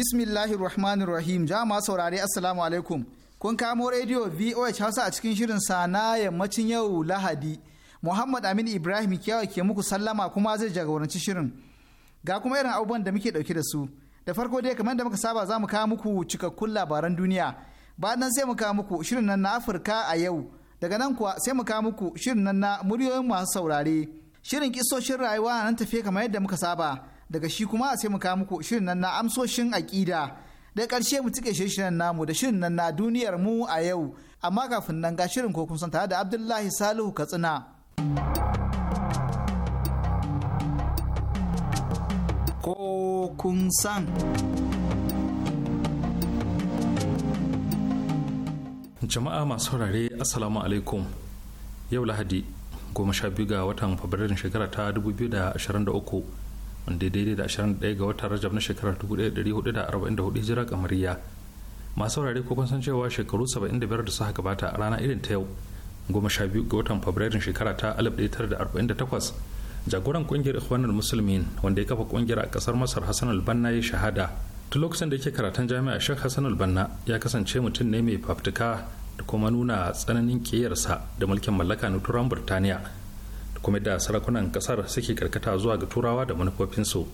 Bismillahirrahmanirrahim Rahmanir Rahim. Jama'a saurare Assalamu alaikum. Kun kamo rediyo VOH Hausa a cikin shirin sa na yammacin yau Lahadi. Muhammad Amin Ibrahim Kiyawa ke muku sallama kuma zai jagoranci shirin. Ga kuma irin abubuwan da muke dauke da su. Da farko dai kamar da muka saba za mu kawo muku cikakkun labaran duniya. Bayan nan sai mu kawo muku shirin nan na Afirka a yau. Daga nan kuwa sai mu kawo muku shirin nan na muryoyin masu saurare. Shirin kisoshin rayuwa nan tafiye kamar yadda muka saba. daga shi kuma sai mu kawo muku shirin nan na amsoshin aƙida da ƙarshe mu cike shirin namu da shirin nan na duniyar mu a yau amma kafin nan ga shirin ko kun tare da Abdullahi Salihu Katsina. Ko kun san. Jama'a masu saurare Assalamu alaikum yau Lahadi goma sha biyu ga watan Fabrairun shekara ta 2023 wanda daidai da 21 ga watan rajab na shekarar 1444 jira kamariya masu saurare ko kun san cewa shekaru 75 da suka gabata a rana irin ta yau goma sha biyu ga watan fabrairun shekara ta 1948 jagoran kungiyar ikhwanul musulmin wanda ya kafa kungiyar a kasar masar hassan albanna ya shahada tun lokacin da yake karatun jami'a shek hassan albanna ya kasance mutum ne mai fafutuka da kuma nuna tsananin kiyarsa da mulkin mallaka na turan burtaniya kuma da sarakunan kasar suke karkata zuwa ga turawa da manufofinsu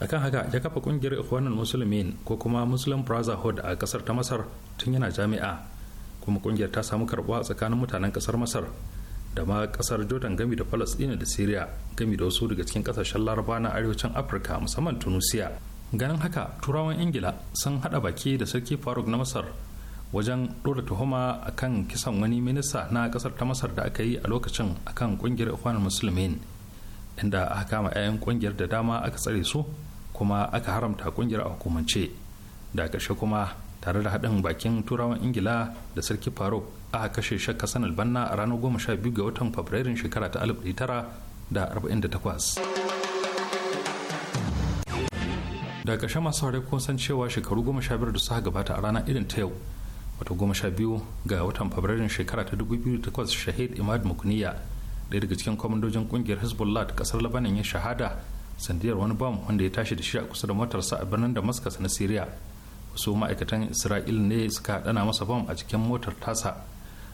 akan haka ya kafa kungiyar ikhwanul musulmin ko kuma muslim brotherhood a kasar ta masar tun yana jami'a kuma kungiyar ta samu karɓuwa tsakanin mutanen kasar masar da ma kasar jordan gami da palestina da syria gami da wasu daga cikin kasashen laraba na arewacin afirka musamman tunisia ganin haka turawan ingila sun haɗa baki da sarki faruk na masar wajen ɗora tuhuma a kan kisan wani minista na ƙasar ta masar da aka yi a lokacin a kan ƙungiyar ikwan musulmin inda aka kama 'ya'yan ƙungiyar da dama aka tsare su kuma aka haramta ƙungiyar a hukumance da ƙarshe kuma tare da haɗin bakin turawan ingila da sarki faruk aka kashe shakka san albanna a ranar goma sha biyu ga watan fabrairun shekara ta alif tara da arba'in da takwas da ƙarshe masu harai kun san cewa shekaru goma sha biyar da suka gabata a rana irin ta yau wato goma sha biyu ga watan fabrairun shekara ta 2008 shahid imad mukniya ɗaya daga cikin kwamandojin kungiyar hezbollah ta kasar labanin ya shahada sandiyar wani bom wanda ya tashi da shi a kusa da motarsa a birnin damascus na syria wasu ma'aikatan isra'il ne suka dana masa bom a cikin motar tasa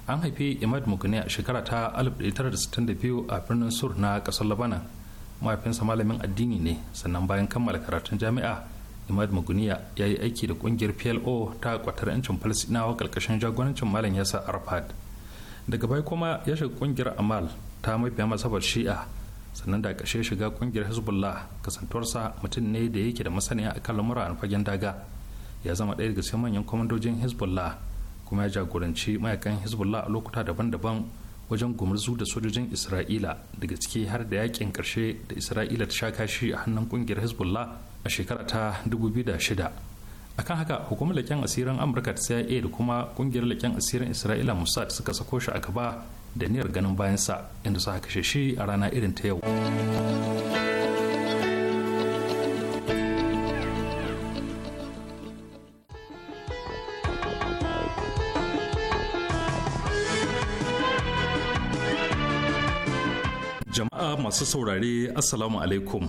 an haifi imad mukniya shekara ta 1962 a birnin sur na kasar labanan mahaifinsa malamin addini ne sannan bayan kammala karatun jami'a imad maguniya ya yi aiki da kungiyar plo ta kwatar 'yancin falasinawa karkashin jagorancin malam yasa arfad daga bai kuma ya shiga kungiyar amal ta mabiya masabar shi'a sannan da kashe shiga kungiyar hezbollah kasantuwarsa mutum ne da yake da masaniya akan lamura a fagen daga ya zama ɗaya daga sai manyan kwamandojin hezbollah kuma ya jagoranci mayakan hezbollah a lokuta daban-daban wajen gumurzu da sojojin isra'ila daga ciki har da yakin ƙarshe da isra'ila ta sha kashi a hannun kungiyar hezbollah a shekara ta 2006 akan haka hukumar leƙen asirin amurka ta cia da kuma ƙungiyar leƙen asirin isra'ila mossad suka sako shi a gaba da niyyar ganin bayansa inda suka kashe shi a rana irin ta yau jama'a masu saurare assalamu alaikum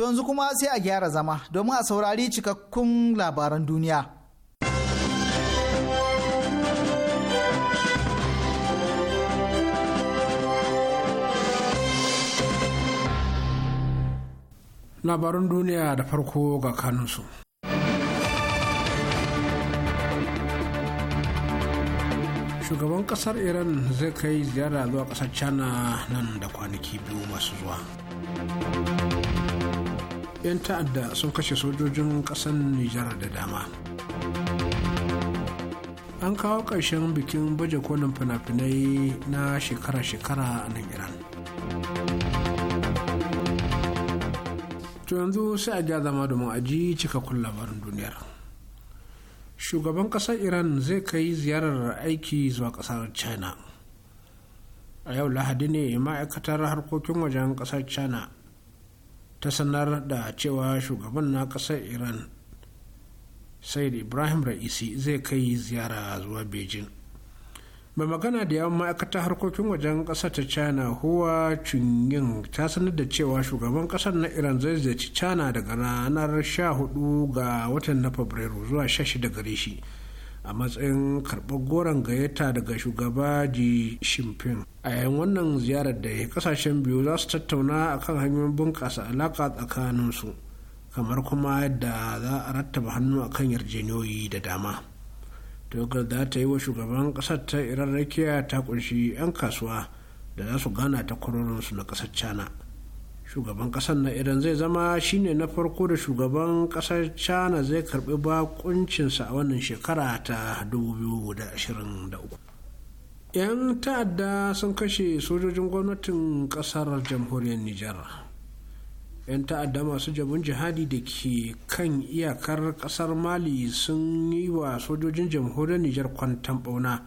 To yanzu kuma sai a gyara zama domin a saurari cikakkun labaran duniya. Labarun duniya da farko ga kanunsu. shugaban ƙasar iran zai kai ziyara zuwa ƙasar china nan da kwanaki biyu masu zuwa 'yan ta'adda sun kashe sojojin ƙasan nijar da dama an kawo ƙarshen bikin baje kolin fina-finai na shekara-shekara a nan iran to yanzu sai a ja zama domin aji cikakkun labarin duniyar shugaban ƙasar iran zai kai ziyarar aiki zuwa ƙasar china a yau lahadi ne ma'aikatar harkokin wajen ƙasar china ta sanar da cewa shugaban na ƙasar iran said ibrahim ra'isi zai kai ziyara zuwa beijing mai magana da yawan ma'aikatar harkokin wajen ƙasar ta china huwa chunying ta sanar da cewa shugaban ƙasar na iran zai ziyarci china daga ranar 14 ga watan na fabrairu zuwa 16 gare shi a matsayin karɓar goron gayyata daga shugaba ji shimfin a yayin wannan ziyarar da ya kasashen biyu za su tattauna akan hanyoyin bunƙasa alaƙa tsakaninsu kamar kuma yadda za a rattaba hannu akan yarjejeniyoyi da dama tawagar za ta yi wa shugaban ƙasar ta iran rakiya ta kunshi 'yan kasuwa da za su gana ta kwarorinsu na ƙasar china shugaban kasar na iran zai zama shine na farko da shugaban kasar china zai karbi bakuncinsa a wannan shekara ta 2023 'yan ta'adda sun kashe sojojin gwamnatin kasar jamhuriyar nijar 'yan ta'adda masu jabin jihadi da ke kan iyakar kasar mali sun yi wa sojojin jamhuriyar nijar kwantan bauna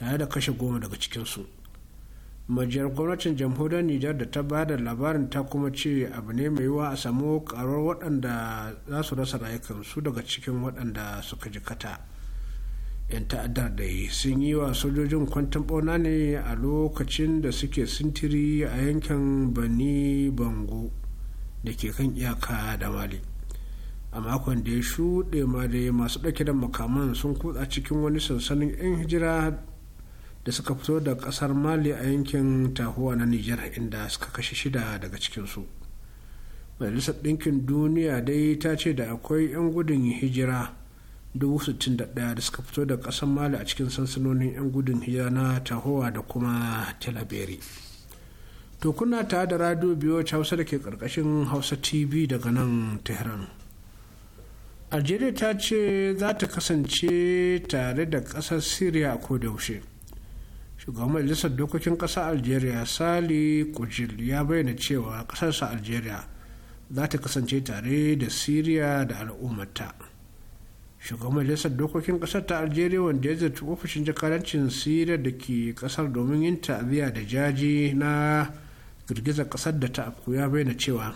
tare da kashe goma daga cikinsu majiyar gwamnatin jamhuriyar nijar da ta bada labarin ta kuma ce abu ne mai yiwuwa a samu karuwar waɗanda za su rasa rayukansu daga cikin waɗanda suka jikata yan ta'addar da yi sun yi wa sojojin kwantan ɓauna ne a lokacin da suke sintiri a yankin bani bango da ke kan iyaka da mali a makon da ya shuɗe ma dai masu ɗauke da makaman sun kutsa cikin wani sansanin 'yan hijira da suka fito da kasar mali a yankin tahuwa na niger inda suka kashe shida daga cikinsu majalisar ɗinkin duniya dai ta ce da akwai 'yan gudun hijira 61 da suka fito da kasar mali a cikin sansanonin 'yan gudun hijira na tahowa da kuma talaberi to kuna ta da radio biyo hausa da ke karkashin hausa tv daga nan tehran algeria ta ce za ta kasance tare da ƙasar syria a yaushe shugaban majalisar dokokin ƙasar algeria sali kujil ya bayyana cewa ƙasarsa algeria za ta kasance tare da syria da al'ummata shugaban majalisar dokokin ƙasar ta algeria wanda ya zata ofishin jakadancin syria da ke ƙasar domin yin ta'aziyya da jaji na girgizar ƙasar da ta afku ya bayyana cewa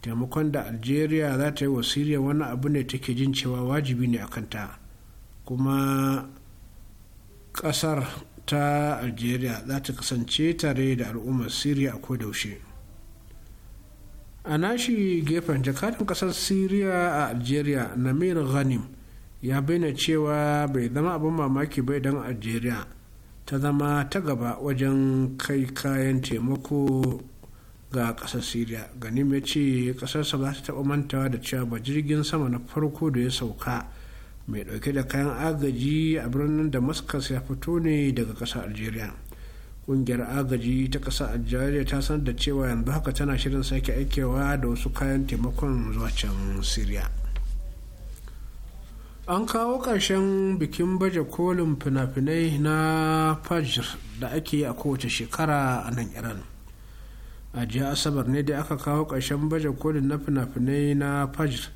taimakon da algeria za ta yi wa syria wani abu ne take jin cewa wajibi ne a kanta kuma ƙasar ta algeria za ta kasance tare da al'ummar syria a kodaushe a nashi gefen jakadan kasar syria a algeria namir ghanim ya bayyana cewa bai zama abin mamaki bai don algeria ta zama ta gaba wajen kai kayan taimako ga kasar syria ganim ya ce kasarsa ba ta taba mantawa da cewa ba jirgin sama na farko da ya sauka mai dauke da kayan agaji a birnin damascus ya fito ne daga ƙasar algeria ƙungiyar agaji ta ƙasar algeria ta san da cewa yanzu haka tana shirin sake aikewa da wasu kayan taimakon zuwa can syria an kawo ƙarshen bikin baje kolin fina-finai na fajr da ake yi a kowace shekara a nan iran a jiya asabar ne da aka kawo ƙarshen baje kolin na fina-finai na fajr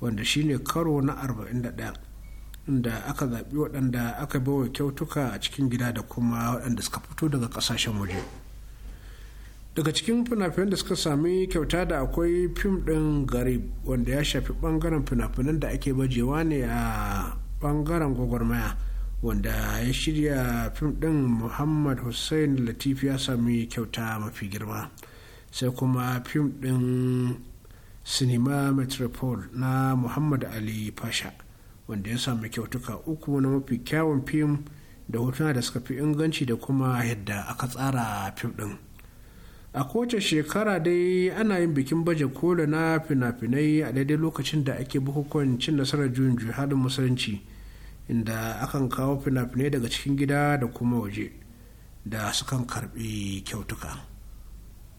wanda shine karo na 41 inda aka zaɓi waɗanda aka bawa kyautuka a cikin gida da kuma waɗanda suka fito daga ƙasashen waje daga cikin finafinan da suka sami kyauta da akwai fim ɗin garib wanda ya shafi ɓangaren fina-finan da ake bajewa ne a ɓangaren gwagwarmaya wanda ya shirya fim ɗin muhammad hussein latif ya sami kyauta mafi girma sai kuma fim ɗin sinima metropole na muhammad ali pasha wanda ya sami kyautuka uku na mafi kyawun fim da hotuna da suka fi inganci da kuma yadda aka tsara fim ɗin a kowace shekara dai ana yin bikin baje kola na fina-finai a daidai lokacin da ake bukukuwan cin nasarar juyin haɗin musulunci inda akan kawo fina-finai daga cikin gida da kuma waje da sukan karbi kyautuka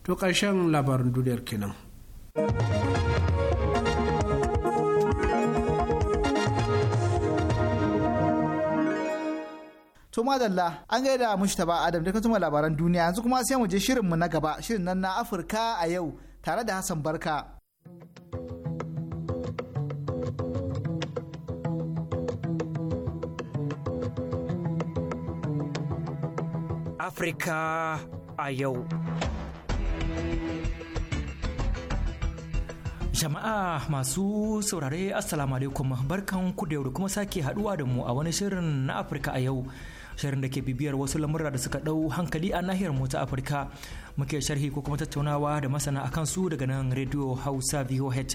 to ƙarshen labarin duniyar kenan. To madalla an gaida ba Adam da kuma labaran duniya yanzu kuma sai mu je shirin mu na gaba shirin nan na Afirka a yau tare da Hassan Barka. Afirka a yau. Jama'a masu saurare Assalamu alaikum barkan ku da yau kuma sake haduwa da mu a wani shirin na Afirka a yau. Shirin da ke bibiyar wasu lamurra da suka ɗau hankali a nahiyar mu ta Afirka. Muke sharhi ko kuma tattaunawa da masana akan su daga nan Radio Hausa VOH.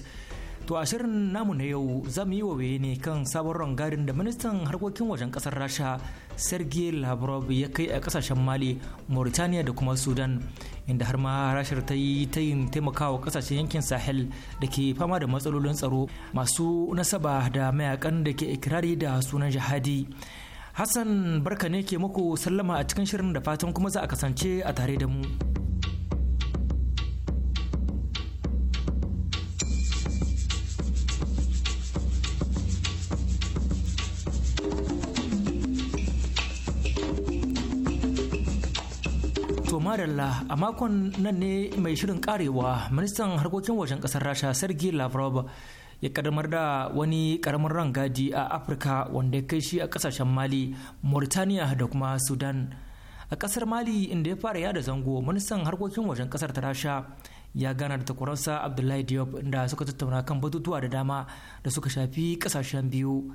To a shirin namu na yau zamu yi waye ne kan sabon rangadin da ministan harkokin wajen kasar Rasha Sergei Lavrov ya kai a kasashen Mali, Mauritania da kuma Sudan inda har ma Rashar ta yi tayin taimakawa kasashen yankin Sahel da ke fama da matsalolin tsaro masu nasaba da mayakan da ke ikirari da sunan jihadi. Hassan barka ne ke muku sallama a cikin shirin da fatan kuma za a kasance a tare da mu. Marilla a makon nan ne mai shirin karewa ministan harkokin wajen kasar Rasha Sergei Lavrov ya karamar da wani karamin rangadi a Afirka wanda ya kai shi a kasashen Mali, Mauritania da kuma Sudan. A kasar Mali inda ya fara yada zango ministan harkokin wajen kasar ta Rasha ya gana da takwaransa Abdullahi Diop da suka tattauna kan batutuwa da dama da suka shafi kasashen biyu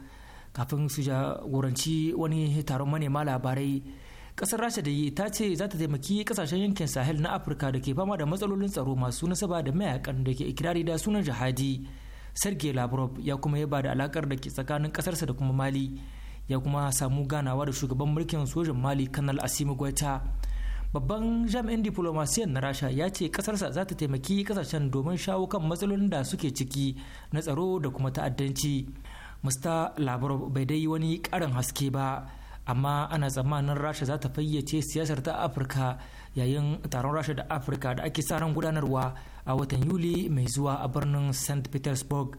kafin su jagoranci wani taron manema labarai kasar rasha da yi ta ce za ta taimaki kasashen yankin sahel na afirka da ke fama da matsalolin tsaro masu nasaba da mayakan da ke ikirari da sunan jihadi sergei lavrov ya kuma yaba da alakar da ke tsakanin kasarsa da kuma mali ya kuma samu ganawa da shugaban mulkin sojan mali kanal asimi gwaita babban jami'in diplomasiyan na rasha ya ce kasarsa za ta taimaki kasashen domin shawo kan matsalolin da suke ciki na tsaro da kuma ta'addanci mr lavrov bai dai wani karin haske ba amma ana tsammanin rasha za ta fayyace siyasar ta afirka yayin taron rasha da afirka da ake sa ran gudanarwa a watan yuli mai zuwa a birnin st petersburg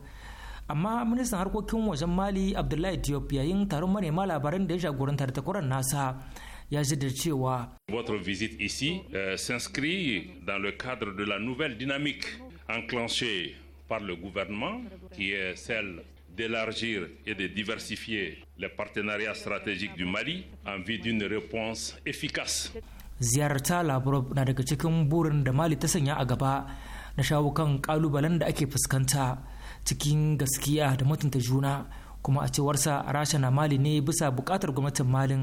amma ministan harkokin wajen mali abdullahi diop yayin taron manema labaran da ya jagoranta da takwarar nasa ya da cewa votre visite ici euh, s'inscrit dans le cadre de la nouvelle dynamique enclenchée par le gouvernement qui est celle d'élargir et de diversifier les partenariats stratégiques du Mali en vue d'une réponse efficace. Ziyarta Lavrov na daga cikin burin da Mali ta sanya a gaba na shawo kan kalubalen da ake fuskanta cikin gaskiya da mutunta juna kuma a cewarsa Rasha na Mali ne bisa buƙatar gwamnatin mali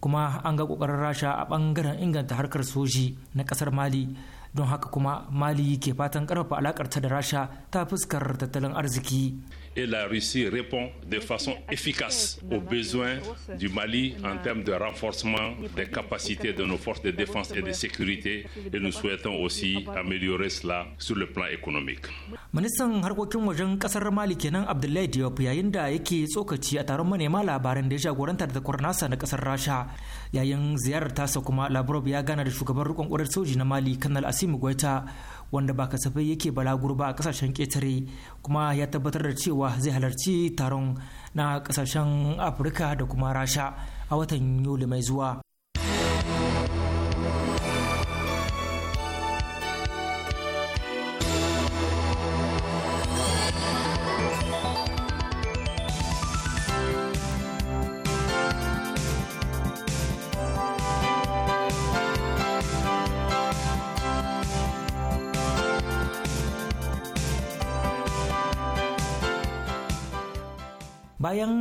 kuma an ga kokarin Rasha a bangaren inganta harkar soji na kasar Mali don haka kuma Mali ke fatan karfafa alakar ta da Rasha ta fuskar tattalin arziki. et la Russie répond de façon efficace aux besoins du Mali en termes de renforcement des capacités de nos forces de défense et de sécurité et nous souhaitons aussi améliorer cela sur le plan économique. Ministan harkokin wajen kasar Mali kenan Abdullahi Diop yayin da yake tsokaci a taron manema labaran da ya jagoranta da kwarnasa na kasar Rasha yayin ziyarar tasa kuma Lavrov ya gana da shugaban rikon kwarar soji na Mali Kanal Asimu Goita wanda ba kasafai yake balagur ba a kasashen ƙetare kuma ya tabbatar da cewa zai halarci taron na kasashen afirka da kuma rasha a watan yuli mai zuwa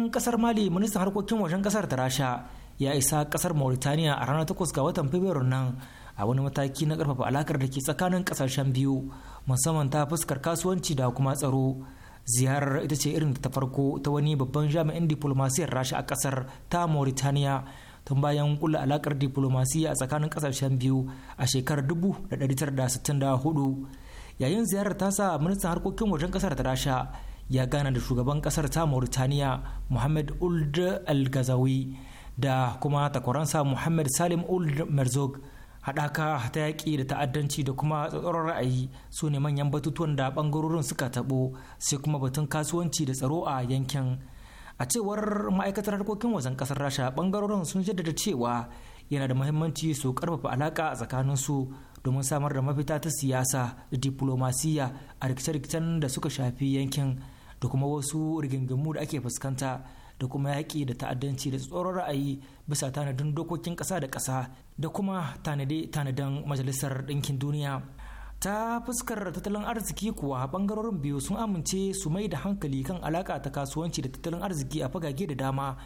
kasar mali ministan harkokin wajen kasar ta rasha ya isa kasar mauritaniya a ranar 8 ga watan fabrairu nan a wani mataki na karfafa alakar da ke tsakanin kasashen biyu musamman ta fuskar kasuwanci da kuma tsaro ziyarar ita ce irin ta farko ta wani babban jami'in diplomasiyar rasha a kasar ta mauritaniya tun bayan kula alakar diplomasiya a tsakanin kasashen biyu a shekarar 1964 yayin ziyarar tasa ministan harkokin wajen kasar ta rasha ya gana da shugaban kasar ta mauritaniya muhammad uld al-gazawi da kuma takwaransa muhammad salim uld merzog haɗaka ta yaƙi da ta'addanci da kuma tsatsarar ra'ayi su ne manyan batutuwan da ɓangarorin suka taɓo sai kuma batun kasuwanci da tsaro a yankin a cewar ma'aikatar harkokin wajen ƙasar rasha bangarorin sun jaddada cewa yana da muhimmanci su ƙarfafa alaƙa a su domin samar da mafita ta siyasa da diplomasiya a rikice-rikicen da suka shafi yankin da kuma wasu rigingimu da ake fuskanta da kuma yaƙi da ta'addanci da tsoron ra'ayi bisa tanadin dokokin ƙasa da ƙasa da kuma tanadan majalisar ɗinkin duniya ta fuskar tattalin arziki kuwa ɓangarorin biyu sun amince su mai da hankali kan alaƙa ta kasuwanci da tattalin arziki a fagage da dama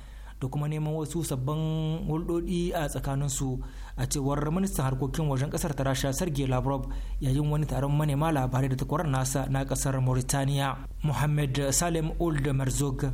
da kuma neman wasu sabbin hulɗoɗi a tsakanin su a cewar ministan harkokin wajen kasar ta rasha sergei lavrov yayin wani taron manema labarai da takwarar nasa na ƙasar mauritaniya muhammad salem old merzog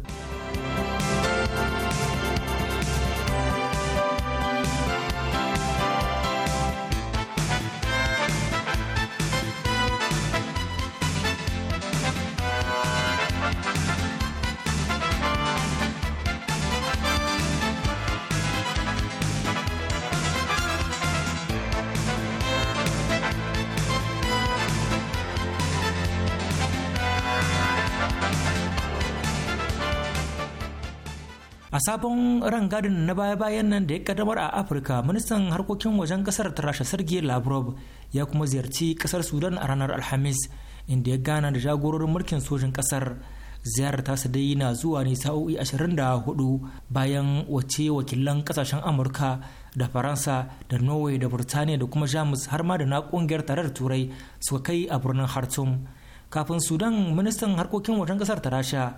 a sabon rangadin na baya-bayan nan da ya kaddamar a afirka ministan harkokin wajen kasar rasha sergei lavrov ya kuma ziyarci kasar sudan a ranar alhamis inda ya gana da jagororin mulkin sojin kasar ziyarar ta dai na zuwa ne sa'o'i 24 bayan wace wakilan kasashen amurka da faransa da norway da burtaniya da kuma jamus har ma da na kungiyar tarar turai suka kai a birnin hartum kafin sudan ministan harkokin wajen kasar ta rasha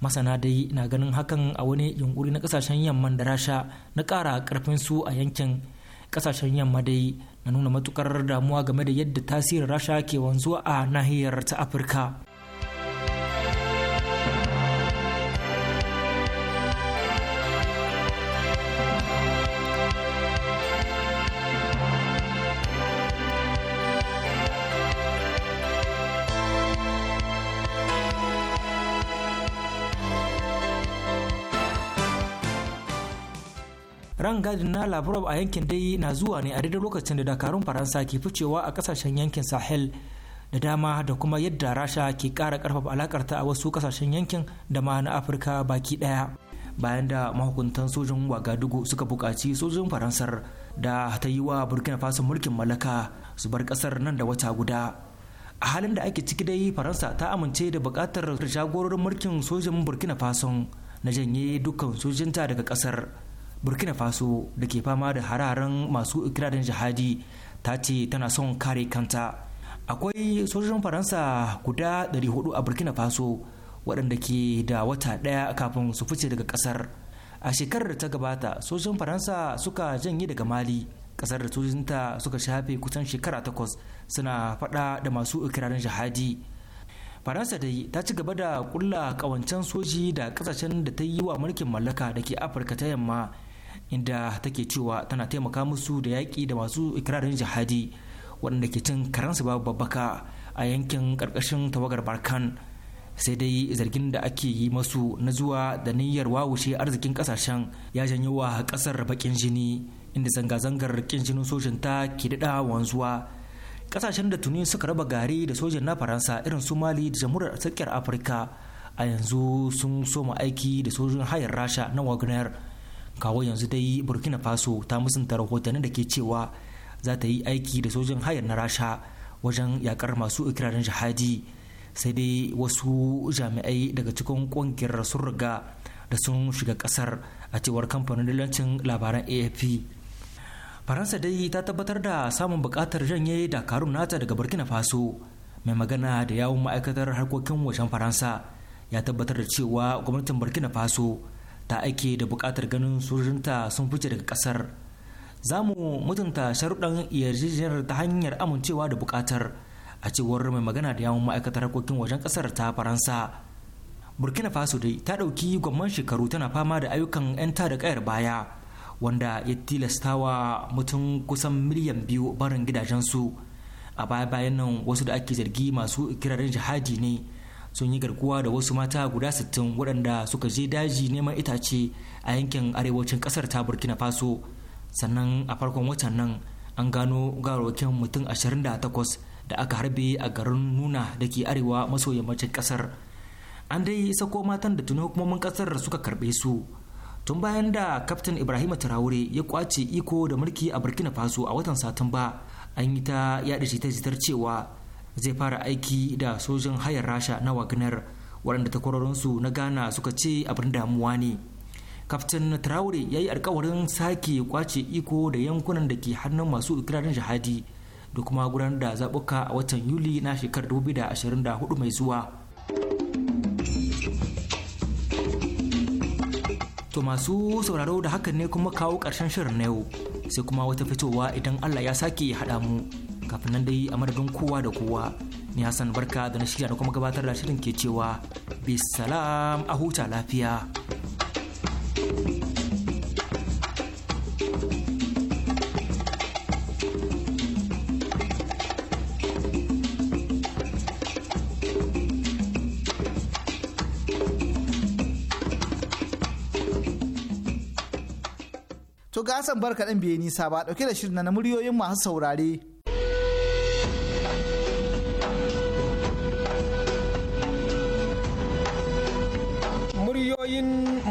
masana dai na ganin hakan a wani yunkuri na kasashen yamma da rasha na kara karfin su a yankin kasashen yamma dai na nuna matukar damuwa game da yadda tasirin rasha ke wanzuwa a nahiyar ta afirka gadin na a yankin dai na zuwa ne a daidai lokacin da dakarun Faransa ke ficewa a kasashen yankin Sahel da dama da kuma yadda Rasha ke kara karfafa alakar ta a wasu kasashen yankin da ma na Afirka baki daya Bayan da mahukuntan sojin Wagadugu suka bukaci sojin Faransar da ta yi wa Burkina Faso mulkin mallaka su bar kasar nan da wata guda. a halin da ake ciki dai faransa ta amince da bukatar jagororin mulkin sojin burkina faso na janye dukkan sojinta daga kasar burkina faso da ke fama da hararen masu ikirarin jihadi ta ce tana son kare kanta akwai sojojin faransa guda 400 a burkina faso waɗanda ke da wata ɗaya kafin su fice daga ƙasar a shekarar da ta gabata sojojin faransa suka janye daga mali ƙasar da sojojinta suka shafe kusan shekara takwas suna faɗa da masu ikirarin jihadi faransa dai ta ci gaba da kulla kawancen soji da kasashen da ta yi wa mulkin mallaka da ke afirka ta yamma inda take cewa tana taimaka musu da yaƙi da masu ikirarin jihadi waɗanda ke cin karansu babu babbaka a yankin ƙarƙashin tawagar barkan sai dai zargin da ake yi masu na zuwa da niyyar wawushe arzikin ƙasashen ya janyo wa ƙasar baƙin jini inda zanga-zangar ƙin jinin sojin ta ke daɗa wanzuwa ƙasashen da tuni suka raba gari da sojin na faransa irin su mali da jamhuriyar tsakiyar afirka a yanzu sun soma aiki da sojin hayar rasha na wagner kawo yanzu dai burkina faso ta musanta rahotannin da ke cewa za ta yi aiki da sojin hayar na rasha wajen yakar masu ikirarin jihadi sai dai wasu jami'ai daga cikin kungiyar sun riga da sun shiga kasar a cewar kamfanin dalancin labaran afp faransa dai ta tabbatar da samun bukatar janye dakarun nata daga burkina faso mai magana da yawon ma'aikatar harkokin wajen faransa ya tabbatar da cewa gwamnatin burkina faso ta ake da buƙatar ganin sojojinta sun fice daga ƙasar za mu mutunta sharuɗan yarjejeniyar ta hanyar amincewa da buƙatar a cewar mai magana da yawon ma'aikatar harkokin wajen ƙasar ta faransa burkina faso dai ta ɗauki gwamman shekaru tana fama da ayyukan 'yanta da ƙayar baya wanda ya tilastawa mutum kusan miliyan biyu barin gidajensu a baya bayan nan wasu da ake zargi masu ikirarin jihadi ne sun yi garkuwa da wasu mata guda sittin waɗanda suka je daji neman itace a yankin arewacin ƙasar ta burkina faso sannan a farkon watan nan an gano gawarwakin mutum 28 da aka harbe a garin nuna da ke arewa maso yammacin ƙasar an dai sako matan da tuni hukumomin ƙasar suka karɓe su tun bayan da kaftin ibrahim traore ya kwace iko da mulki a burkina faso a watan satumba an yi ta yaɗa jita-jitar cewa zai fara aiki da sojin hayar rasha na wagner waɗanda takwarorinsu na ghana suka ce abin damuwa ne kaftin traore ya yi alkawarin sake kwace iko da yankunan da ke hannun masu ikirarin jihadi da kuma gudanar da zaɓuka a watan yuli na shekarar 2024 mai zuwa to masu sauraro da hakan ne kuma kawo ƙarshen shirin na yau sai kuma wata fitowa idan allah ya sake haɗa mu kafin nan dai a madadin kowa da kowa ni Hassan barka da na shirya da kuma gabatar da shirin ke cewa bisalam a huta lafiya. To ga barka ɗan biye nisa ba ɗauke da shirin na muryoyin masu saurare.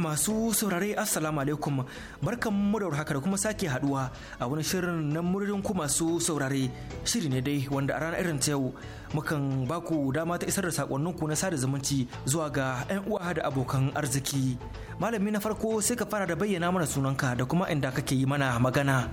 masu saurare assalamu alaikum barkan mu da warhaka da kuma sake haduwa a wani shirin na muririn ku masu saurare shiri ne dai wanda a ranar irin ta yau mukan baku dama ta isar da sakonnin ku na sada zumunci zuwa ga 'yan uwa da abokan arziki malami na farko sai ka fara da bayyana mana sunanka da kuma inda kake yi mana magana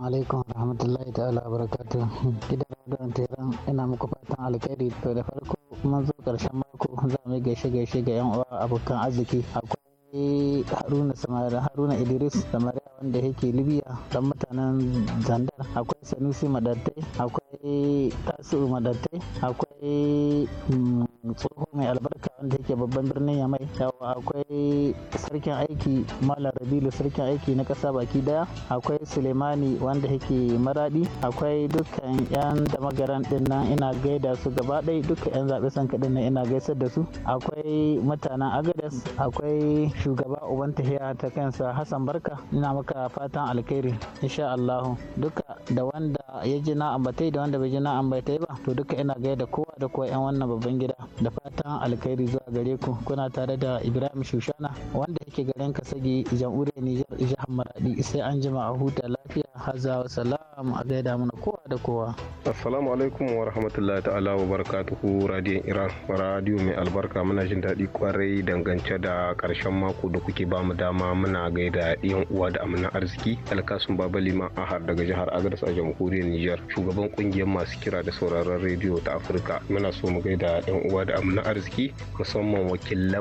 alaikum rahmatullahi ta'ala barakatu gidan radon teran ina muku fatan alkhairi to da farko kuma zo karshen mako za mu gaishe gaishe ga yan uwa abokan arziki akwai Eh, haruna samari haruna idris samari wanda yake libya dan mutanen zandar akwai sanusi madattai akwai akwai tasu madatai akwai mm, tsoho mai albarka wanda yake babban birnin yamai yawa akwai sarkin aiki malam rabilu sarkin aiki na kasa baki daya akwai sulemani wanda yake maradi akwai dukkan yan damagaran din nan ina gaida su gaba ɗaya dukkan yan zaɓe sanka kaɗin ina gaisar da su akwai mutanen agadas akwai shugaba uban tahiya ta kansa hassan barka ina maka fatan alkhairi insha allahu duka da wanda ya ji na ambatai da wanda bai ji na ambata ba to duka ina gaida kowa da kowa yan wannan babban gida da fatan alkhairi zuwa gare ku kuna tare da Ibrahim Shushana wanda yake garin Kasagi jamhuriyar Nijar jihar Maradi sai an jima a huta lafiya wa salam a gaida mana kowa da kowa. Assalamu alaikum wa rahmatullahi ta'ala wa barakatuhu radiyon Iran radiyo mai albarka muna jin daɗi kwarai dangance da karshen mako da kuke ba mu dama muna gaida yan uwa da amina arziki alkasun baba a ahar daga jihar Agadas a jamhuriyar Nijar shugaban kungiyar kungiyar masu kira da sauraron rediyo ta afirka muna so mu gaida yan uwa da amna arziki musamman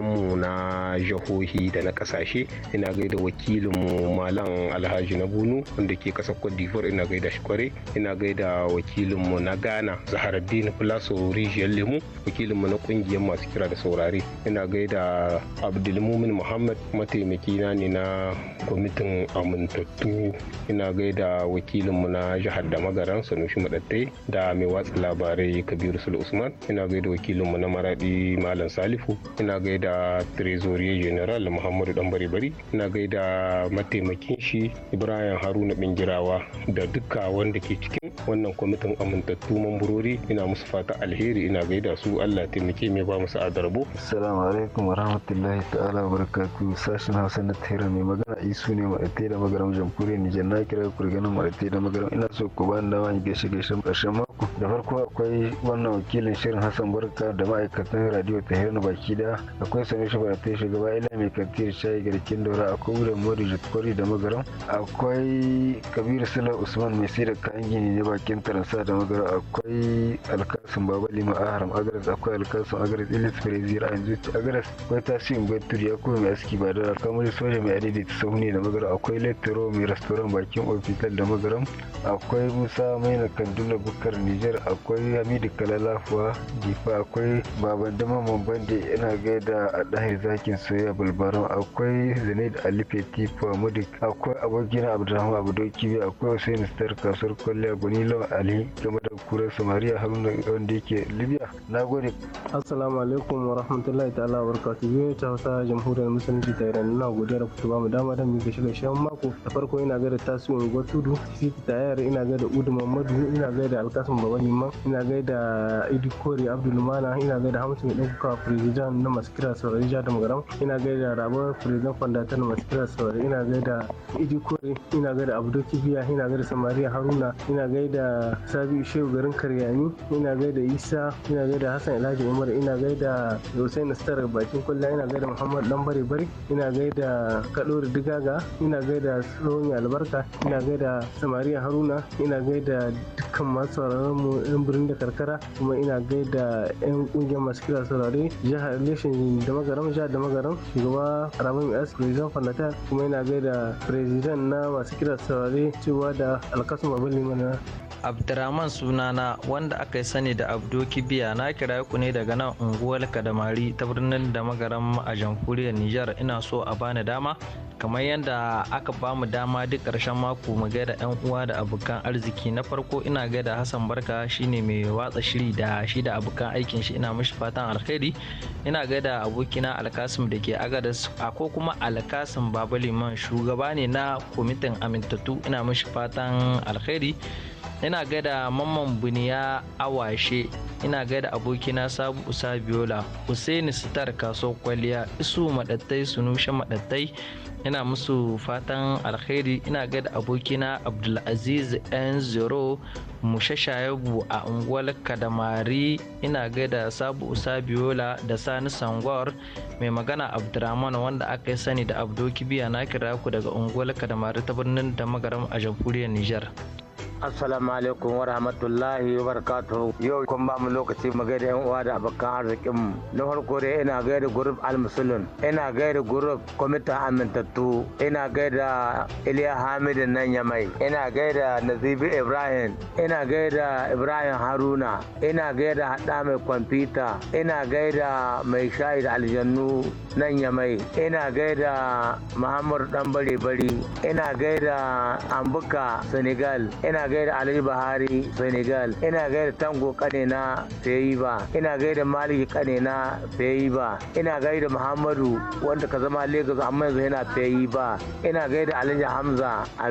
mu na jihohi da na kasashe ina gaida wakilinmu malam alhaji na bunu wanda ke kasar cote ina gaida shi kware ina gaida wakilinmu na ghana zaharaddin plaso rijiyar lemu wakilinmu na kungiyar masu kira da saurare ina gaida abdulmumin muhammad mataimaki na ne na kwamitin amintattu ina gaida wakilinmu na jihar da magaran sanushi madattai da mai watsa labarai kabiru sul usman ina gaida wakilinmu na maradi malam salifu ina gaida trezorier general muhammadu dan bari ina gaida mataimakin shi ibrahim haruna bingirawa da duka wanda ke cikin wannan kwamitin amintattu mamburori ina musu fata alheri ina gaida su allah taimake mai ba musu adarbo assalamu alaikum wa rahmatullahi ta'ala wa sashen hausa na tera mai magana isu ne ma'aikata da magaram jamhuriyar nijar na kira ku ganin da magaram ina so ku ba ni dama gaishe gaishe karshen mako da farko akwai wannan wakilin shirin hassan barka da ma'aikatan radio ta hirna baki da akwai sami shafarata shugaba ila mai kantir shayi garkin daura akwai wurin mori jitkori da magaram akwai kabiru sula usman mai sai da kayan gini ne bakin taransa da magaram akwai alkasun baba lima aharam agaras akwai alkasun agaras ilis firizir a yanzu agaras akwai tasirin batturi ya kuma mai aski ba da kamar soja mai adadi ta sauni da magaram akwai lettero mai restoran bakin ofital da magaram akwai musa mai na kandula abubakar nijar akwai hamidu kalalafuwa difa akwai baban dama mamban da yana gaida a ɗahir zakin soyayya bulbaran akwai zanaid ali fetifa mudik akwai abokina abdulrahman abdoki akwai hussein star kasuwar kwalliya gwani lawan ali game da kurar samariya haruna wanda yake libya na gode assalamu alaikum wa rahmatullahi ta'ala wa barakatuhu biyu ta hausa jamhuriyar musulunci ta iran na godiya da kuka bamu dama da muke shiga shan mako da farko ina gaida tasiri gwatudu tudu titi tayar ina gaida udu mamadu ina gaida gaida alkasim baba liman ina gaida idi kori abdulmana ina gaida hamsu mai ɗaukuka firizijan na masu kira saurari ja da magaram ina gaida rabuwar firizijan kwandata na masu kira saurari ina gaida idi kori ina gaida abdu kibiya ina gaida samariya haruna ina gaida sabi shehu garin karyani ina gaida isa ina gaida hassan alhaji umar ina gaida hussein star bakin kulla ina gaida muhammad dan bari bari ina gaida kadori digaga ina gaida tsohon albarka ina gaida samariya haruna ina gaida dukkan masu masu mu 'yan birnin da karkara kuma ina gaida 'yan kungiyar masu kira saurare jihar lishin da magaram jihar da magaram shugaba ramin s president fanatar kuma ina gaida president na masu kira saurare cewa da alkasum bin limana Abdurrahman sunana wanda aka sani da Abdo Kibiya na kira ku ne daga nan unguwar Kadamari ta birnin da magaram a jamhuriyar Nijar ina so a bani dama kamar yadda aka bamu dama duk ƙarshen mako mu gaida yan uwa da abokan arziki na farko ina gaida Hassan Barka shine mai watsa shiri da shi da abokan aikin shi ina mishi fatan alkhairi ina gaida abokina Alkasim da ke Agadas ko kuma Alkasim Baba Liman shugaba ne na kwamitin amintattu ina mishi fatan alkhairi ina gaida mamman buniya awashe ina gaida abokina sabu usa biola usaini sitar kaso kwaliya isu madattai sunushe madattai ina musu fatan alkhairi ina gaida abokina abdulaziz n zero mushashayabu a unguwar kadamari ina gaida sabu usa biola da sani sangwar mai magana abdurrahman wanda aka yi sani da abdoki kibiya na kira ku daga unguwar kadamari ta birnin da magaram a jamhuriyar nijar. assalamu alaikum wa rahmatullahi wa barakatuhu yau kun ba mu lokaci mu gaida yan uwa da abokan arzikin mu na farko dai ina gaida group almusulun ina gaida group kwamitin amintattu ina gaida iliya hamidu nan yamai ina gaida nazibi ibrahim ina gaida ibrahim haruna ina gaida hada mai kwamfuta ina gaida mai shayi da aljannu nan yamai ina gaida muhammadu dan bare bari ina gaida ambuka senegal ina gaida Alhaji Bahari Senegal ina gaida Tango kane na ina gaida Maliki kane na ina gaida Muhammadu wanda ka zama Lagos amma yanzu yana bai ba ina gaida Alhaji Hamza a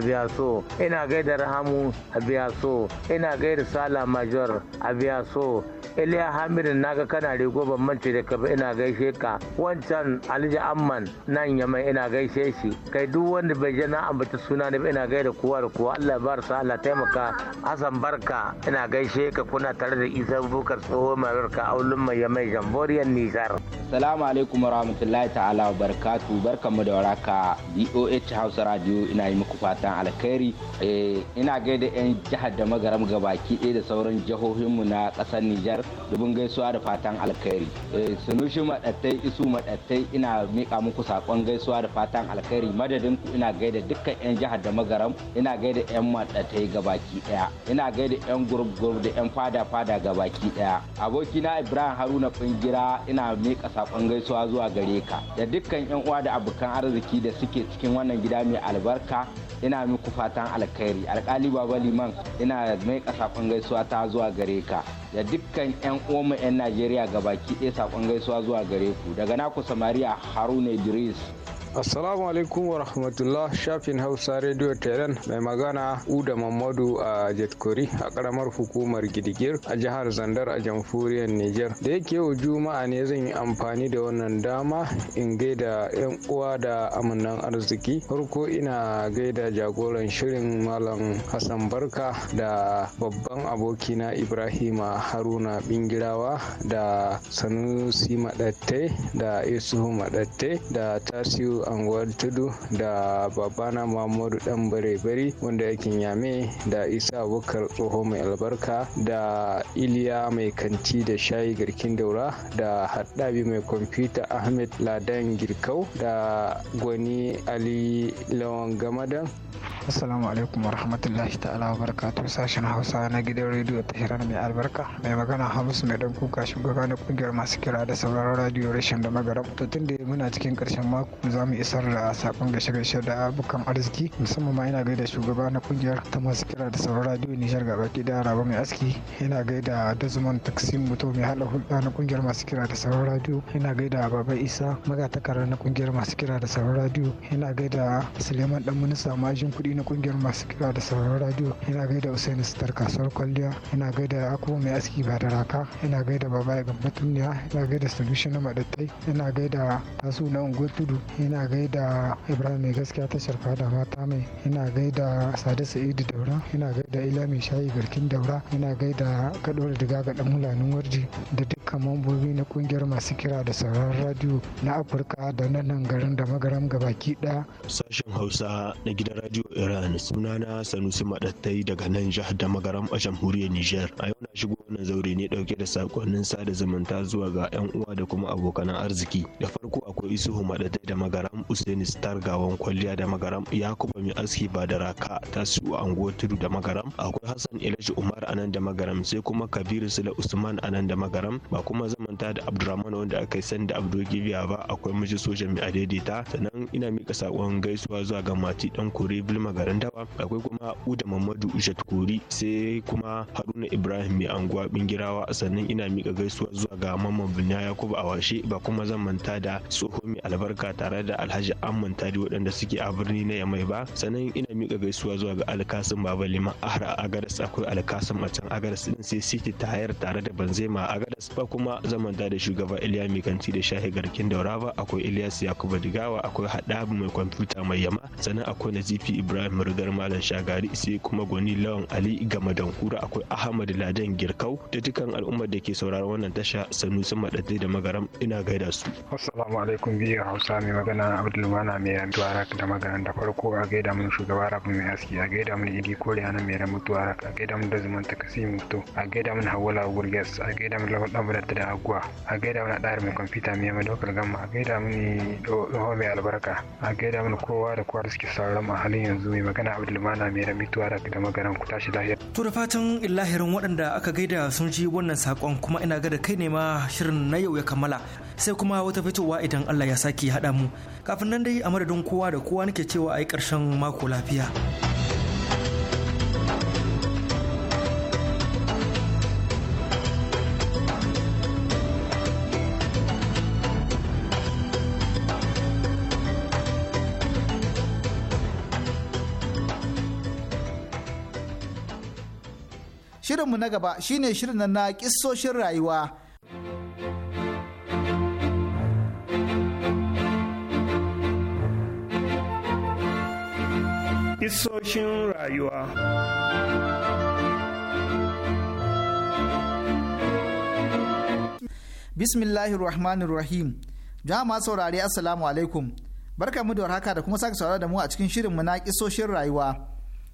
ina gaida Rahamu a ina gaida Sala Major a Biyaso Iliya Hamidu naga kana rigo ban mance da ka ina gaishe ka wancan Alhaji Amman nan yamai ina gaishe shi kai duk wanda bai ja na ambata suna ne ina gaida kowa da kowa Allah ya bar Allah taimaka barka azan barka ina gaishe ka kuna tare da isa bukar tsoho ka aulun mai yamai jamboriyar nijar salamu alaikum warahmatullahi ta'ala wa barkatu mu da waraka boh hausa radio ina yi muku fatan alkhairi eh, ina gaida yan jihar da magaram gabaki ɗaya da sauran jihohinmu na ƙasar nijar dubin gaisuwa da fatan alkhairi eh, sunushi maɗattai isu maɗattai ina miƙa muku saƙon gaisuwa da fatan alkhairi madadin ku ina gaida dukkan yan jihar da magaram ina gaida yan maɗattai gabaki baki daya ina gaida yan gurup group da yan fada fada ga baki daya abokina ibrahim haruna kungira ina miƙa sakon gaisuwa zuwa gare ka da dukkan yan uwa da abokan arziki da suke cikin wannan gida mai albarka ina muku fatan alkhairi alkali baba liman ina miƙa sakon gaisuwa ta zuwa gare ka da dukkan yan uwanmu yan najeriya ga baki daya sakon gaisuwa zuwa gare ku daga naku samaria haruna idris Assalamu alaikum wa rahmatullah shafin Hausa Radio Tehran mai magana Uda Mamadu a Jetkori a karamar hukumar Gidigir a jihar Zandar a jamhuriyar Niger. Da yake yau Juma'a ne zan yi amfani da wannan dama in gaida 'yan uwa da amannan arziki. Farko ina gaida jagoran shirin Malam Hassan Barka da babban abokina Ibrahima Haruna Bingirawa da Sanusi Madatte da Isuhu Madatte da Tasiu a Anguwar Tudu da babana Muhammadu Dan Bare-bari wanda yakin yame da Isa bukar Tsoho Mai Albarka da Iliya Mai Kanti da Shayi Garkin Daura da Haddabi Mai Kwamfuta Ahmed Ladan Girkau da Gwani Ali Lawan Gamadan assalamu alaikum wa rahmatullahi ta'ala wa barakatu sashen hausa na gidan rediyo ta shirar mai albarka mai magana hamisu mai dan kuka shugaba na kungiyar masu kira da sauraron radiyo rashin da magaram to tun da muna cikin karshen mako za mu isar da sakon gashe gashe da abokan arziki musamman ma ina gaida shugaba na kungiyar ta masu kira da sauraron radiyo nijar gaba ki da raba mai aski ina gaida dazuman taksim mutu mai hada hulɗa na kungiyar masu kira da sauraron radiyo ina gaida baba isa magatakarar na kungiyar masu kira da sauraron radiyo ina gaida suleiman dan munisa majin kuɗi na kungiyar masu kira da sauran radio ina gaida usaini sitar kasuwar kwalliya ina gaida akubu mai aski ba da raka ina gaida baba ya gamba tuniya ina gaida solution na madattai ina gaida tasu na unguwar tudu ina gaida ibrahim mai gaskiya tashar da mata mai ina gaida sada sa'idu daura ina gaida ila mai shayi garkin daura ina gaida kadawar diga ga dan mulanin warji da dukkan mambobi na kungiyar masu kira da sauran radio na afirka da nan garin da magaram gabaki daya sashen hausa na gidan radio ra'ani sunana sanusi madattai daga nan jihar da magaram a jamhuriyar nijar a yau na shigo wannan zaure ne dauke da sakonnin sada zumunta zuwa ga yan uwa da kuma abokan arziki da farko akwai isuhu madattai da magaram usaini star gawan kwalliya da magaram yakuba mai aski ba da raka tasiu unguwar tudu da magaram akwai hassan elashi umar anan da magaram sai kuma kabiru sula usman anan da magaram ba kuma zamanta da abdurrahman wanda aka yi san da abdul ba akwai miji sojan mai adaidaita sannan ina mika sakon gaisuwa zuwa ga mati dan kore bilma garin Dawa akwai kuma Uda Mamadu Jatkori sai kuma Haruna Ibrahim mai anguwa Bingirawa sannan ina mika gaisuwa zuwa ga Mamman binya Yakubu washe? ba kuma zan manta da tsoho mai albarka tare da Alhaji Amman Tari waɗanda suke a birni na Yamai ba sannan ina mika gaisuwa zuwa ga Alkasim Baba Liman ahra a Agadas akwai Alkasim a can Agadas din sai Siti Tahir tare da Banzema a Agadas ba kuma zan manta da shugaba Iliya Mikanti da Shahi Garkin Daura ba akwai Ilyas Yakubu Digawa akwai hadabu mai kwamfuta mai yama sannan akwai Nazifi Ibrahim ibrahim rigar malam shagari sai kuma gwani lawan ali ga madankura akwai ahmad ladan girkau da dukkan al'ummar da ke sauraron wannan tasha sun madadde da magaram ina gaida su assalamu alaikum biyu hausa mai magana abdulmana mai addu'a da magana da farko a gaida mun shugaba rabu mai Haske a gaida mun idi kore ana mai ramu a gaida mun da zumunta takasi mutu a gaida mun hawala gurgas a gaida mun lawan ɗan da aguwa a gaida mun ɗari mai kwamfuta mai yamma daukar gamma a gaida mun tsoho mai albarka a gaida mun kowa da kowa da suke sauraron a halin yanzu zo mai magana abdulmana mai ramituwa daga da magaran ku tashi lahiya. to da fatan lahirin waɗanda aka gaida sun ji wannan sakon kuma ina ga da kai ne ma shirin na yau ya kammala sai kuma wata fitowa idan allah ya sake haɗa mu kafin nan dai a madadin kowa da kowa nake cewa a yi ƙarshen mako lafiya. shirinmu na gaba shine shirin na kissoshin rayuwa. Kissoshin rayuwa Bismillahirrahmanirrahim. Jama'a saurari Assalamu alaikum. Barka mu da warhaka da kuma sake saurara da mu a cikin mu na kissoshin rayuwa.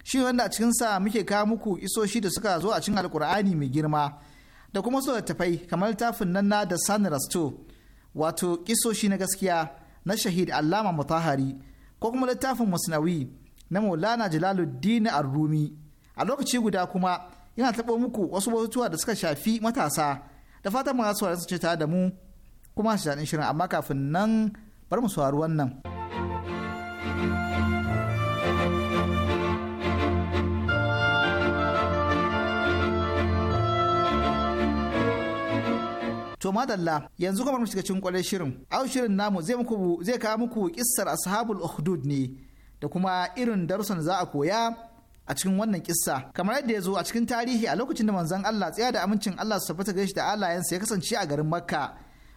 shi wanda a cikin sa muke kawo muku isoshi da suka zo a cikin alkur'ani mai girma da kuma su tafai kamar littafin nan na da san rasto wato isoshi na gaskiya na shahid allama mutahari ko kuma littafin musnawi na maulana jalaluddin ar-rumi a lokaci guda kuma yana taɓo muku wasu batutuwa da suka shafi matasa da fatan masu su ce tare da mu kuma su shirin amma kafin nan bar mu saurari wannan. To madalla yanzu kamar mu shiga cikin kwalar shirin. Au shirin namu zai muku zai kawo muku kissar Ashabul Ukhdud ne da kuma irin darussan za a koya a cikin wannan kissa. Kamar yadda ya zo a cikin tarihi a lokacin da manzon Allah tsaya da amincin Allah su tabbata gaishe da alayensa ya kasance a garin Makka.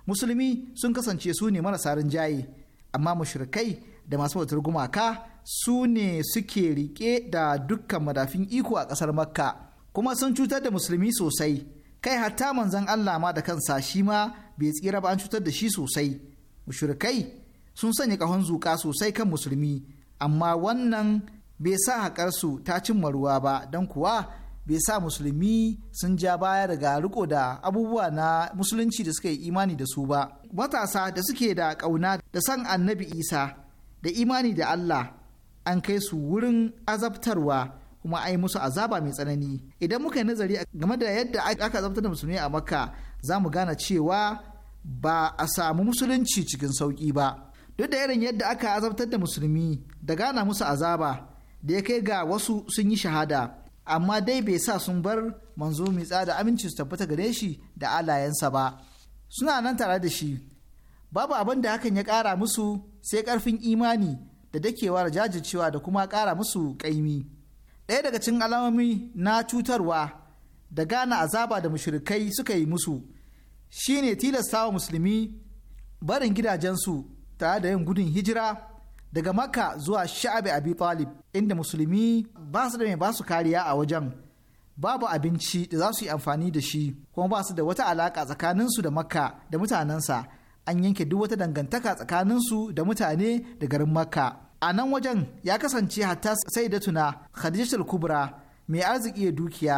Musulmi sun kasance su ne marasa rinjaye amma mushrikai da masu bautar gumaka su ne suke rike da dukkan madafin iko a kasar Makka kuma sun cutar da musulmi sosai. kai hatta manzon Allah ma da kansa shi ma bai tsira ba an cutar da shi sosai mushrikai sun sanya kahon zuƙa sosai kan musulmi amma wannan bai sa haƙarsu ta cimma ruwa ba don kuwa bai sa musulmi sun ja baya daga riko da abubuwa na musulunci da suka yi imani da su ba matasa da suke da ƙauna da san annabi isa da imani da allah an kai su wurin azabtarwa kuma ai musu azaba mai tsanani idan muka yi nazari game da yadda aka zabta da musulmi a makka za mu gane cewa ba a samu musulunci cikin sauƙi ba duk da irin yadda aka azabtar da musulmi da gana musu azaba da ya kai ga wasu sun yi shahada amma dai bai sa sun bar manzo mai tsada aminci su tabbata gare shi da alayensa ba suna nan tare da shi babu abin da hakan ya kara musu sai karfin imani da dakewa da jajircewa da kuma kara musu kaimi. ɗaya daga cikin alamomi na cutarwa da gane azaba da mushrikai suka yi musu shine wa musulmi barin gidajensu tare da yin gudun hijira daga makka zuwa sha'abi abi talib inda musulmi ba su da mai ba su kariya a wajen babu abinci da za su yi amfani da shi kuma ba su da wata alaka tsakaninsu da makka da mutanensa an yanke duk wata dangantaka tsakaninsu da mutane da garin makka a nan wajen ya kasance hatta sai da tuna khadijatul kubra mai arziki ya dukiya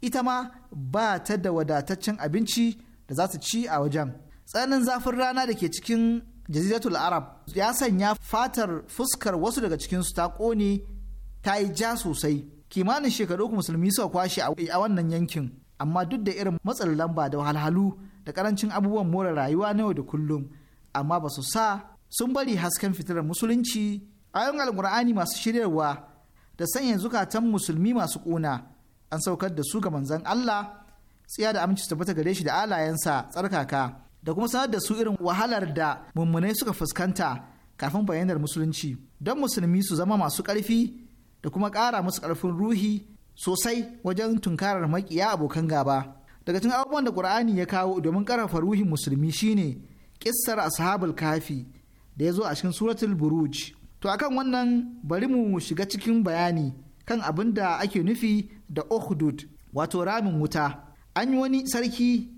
ita ma ba ta da wadataccen abinci da za su ci a wajen tsananin zafin rana da ke cikin jaziratul arab ya sanya fatar fuskar wasu daga cikin su ta kone ta yi ja sosai kimanin shekaru uku musulmi suka kwashe a wannan yankin amma duk da irin matsalar lamba da wahalhalu da karancin abubuwan more rayuwa na yau da kullum amma ba su sa sun bari hasken fitilar musulunci ayon alkur'ani masu shiryarwa da sanya zukatan musulmi masu ƙuna an saukar da su ga manzon Allah tsiya da aminci tabbata gare shi da alayensa tsarkaka da kuma sanar da su irin wahalar da mummunai suka fuskanta kafin bayanar musulunci don musulmi su zama masu ƙarfi da kuma ƙara musu ƙarfin ruhi sosai wajen tunkarar maƙiya abokan gaba daga cikin abubuwan da ƙur'ani ya kawo domin ƙarfafa ruhin musulmi shine kissar ashabul kafi da ya zo a cikin suratul buruj To akan wannan bari mu shiga cikin bayani kan abin da ake nufi da Ohdud wato ramin wuta. An yi wani sarki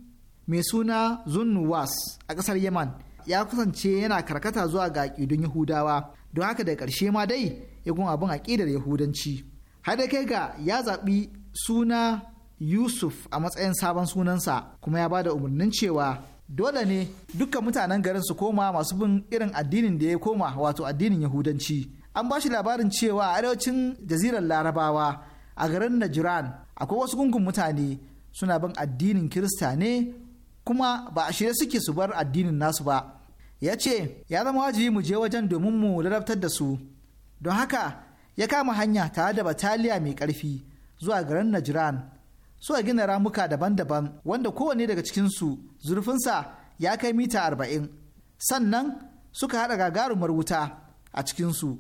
mai suna Zunnuwas a ƙasar Yaman ya kusance yana karkata zuwa ga ƙidun Yahudawa don haka da ƙarshe ma dai ya gun abin aƙidar Yahudanci. Har da kai ga ya zaɓi suna Yusuf a matsayin sabon sunansa kuma ya ba da umarnin cewa dole ne dukkan mutanen garin su koma masu bin irin addinin da ya koma wato addinin yahudanci an ba shi labarin cewa a arewacin jazirar larabawa a garin najiran akwai wasu gungun mutane suna bin addinin kirista ne kuma ba a shirye suke su bar addinin nasu ba ya ce ya zama wajibi mu je wajen domin mu larabtar da su don haka ya kama hanya tare da bataliya mai ƙarfi zuwa garin najiran suka gina ramuka daban-daban wanda kowane daga cikinsu zurfinsa ya kai mita arba'in sannan suka haɗa gagarumar wuta a cikinsu